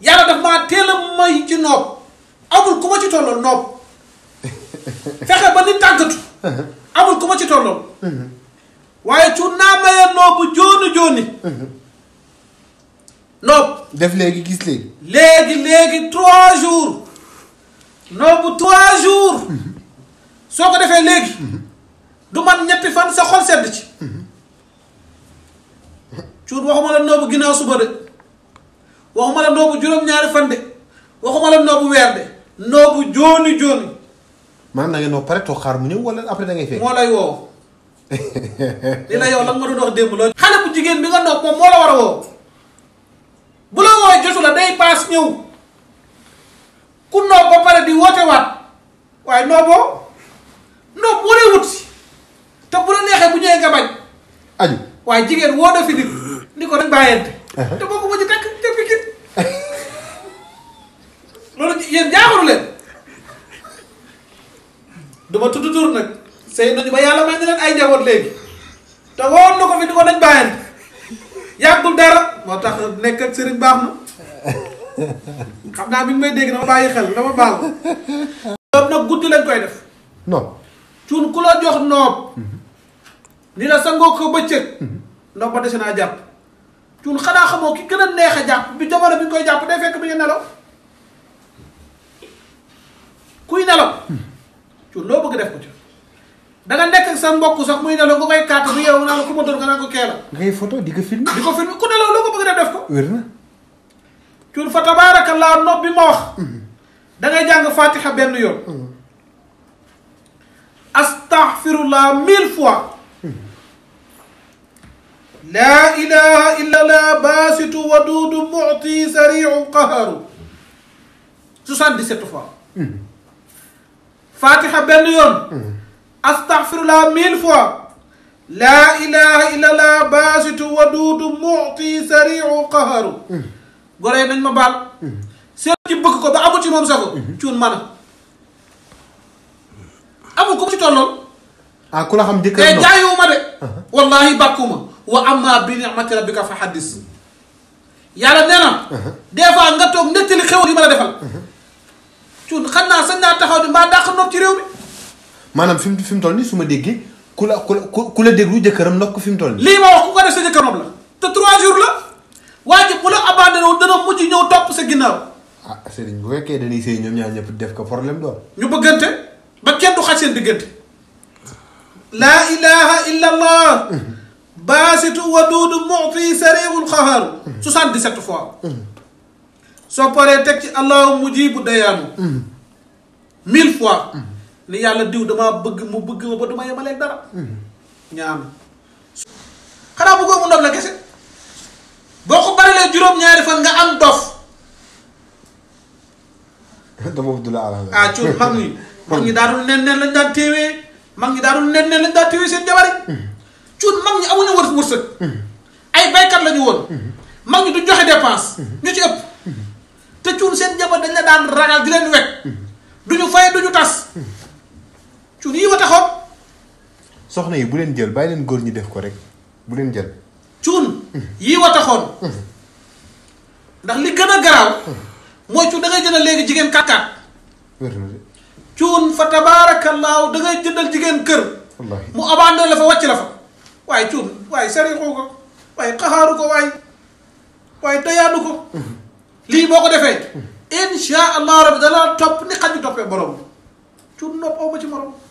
yàlla daf maa teel may ci noob amul ku ma ci tolloon noob fexe ba ni tàggatu amul ku ma ci tolloon waaye cu naa maye noobu jooni jooni noob def léegi gis léegi léegi léegi trois jours noobu trois jours soo ko defee léegi du man ñetti fan sa xol sedd ci cuur waxuma la noobu ginnaaw suba de waxuma la nobu juroom ñaari fan de waxuma la nobu wer de nobu joni joni man da ngeen no pare to xaar mu ñew wala après da ngay fekk mo lay wo dina yow la nga do dox démb lo xala bu jigen bi nga nopp mo la wara wo bu la wooy jotu la day pass ñew ku no ba pare di wote wat way nobo no woo lay wut si te bu la neexee bu ñewé nga bañ aji way jigen wo do fi nit ni ko dañ bàyyante te boo ko jikko loolu yéen jaaxaru leen du ma tudd tur nag sëy nañu ba yàlla may na leen ay njaboot léegi te woon na ko fi di ko dañ bàyyante yàggul dara moo tax nekk ak sëriñ baax na xam naa bi ñu may dégg dama bàyyi xel dama ma ko. ñoom nag guddi lañ koy def. non. cuun ku la jox noob. Mhm. ni la sangoo ko bëccëg. Mhm. ndox ba dese naa jàpp. cuun xanaa xamoo ki gën a neex jàpp bi jamono bi koy jàpp day fekk bi nga nelaw. kuy nalo ci lo bëgg def ko ci da nga nekk sa mbokk sax muy nelaw ngukay kaat bu yow naa ko mo do nga ko ngay photo di ko film di ko film ku nalo lo ko bëgg def ko werna ci fa tabarakallah nopp bi ma wax da ngay jang fatiha ben yoon astaghfirullah mille fois لا إله إلا لا باسط ودود معطي سريع قهر 77 fois fatiha benn yoon astaghfirullah mille fois laa ilaha illallah baasitu waduudu muti sariu qaharu gore nañ ma baal seen ci bëgg ko ba amul ci moom sago cuun man a amul ko ci tolloon ah ku la xam jëkkër mais jaayowu ma de wallahi bàkkuma wa amma bi nicmati rabbika fa xaddis yàlla nee na des fois nga toog nettali xew li ma la defal cuun xam naa sañ naa taxaw ni mbaa dàq nopp ci réew mi maanaam fi mu fi mu toll nii su ma déggee ku la ku la ku la déglu jëkkëram ndox ko fi mu toll nii lii ma wax ku ko def sa jëkkër nopp la te trois jours la waa ji bu la abandonné woon dana mujj ñëw topp sa ginnaaw ah sëriñ bu fekkee dañuy sëy ñoom ñaar ñëpp def ko problème doon ñu bëggante ba kenn du xaj seen diggante laa ilaha illa allah baasitu waduudu muti sariul xaxaaru 77 fois soo paree teg ci allahu mujibu dayaanu mille fois ni yàlla diw damaa bëgg mu bëgg ma ba duma yemaleeg dara ñaan xanaa bëggoo mu ndof la kese boo ko barilee juróom-ñaari fan nga am dof dama du la arrangé ah cuur mag ñi mag ñi daadul nen nen lañ daan téewee mag ñi daadul nen nen lañ daan téewee seen jabar yi mag ñi amuñu wër wërsëg ay baykat lañu ñu woon mm-hmm. mag ñi du joxe dépense mm-hmm. ñu ci ëpp te cuun seen jabar dañ la daan ragal di leen wet duñu fay duñu tas cuun yi wa yi bu leen jël bàyyi leen góor ñi def ko rek bu leen jël cuun mm-hmm. yi wa mm-hmm. li gën a garaaw mm-hmm. mooy cuun da ngay léegi jigéen kàkkaat cuun fa tabaarakallaahu da ngay jëndal jigéen kër mu abandon la fa wàcc la fa waaye cuun waaye sarixu ko waaye xaxaaru ko waaye waaye dayaanu ko lii boo ko defee insha allah rabbi dana topp ni xaj toppee borom tur nopp aw ma ci morom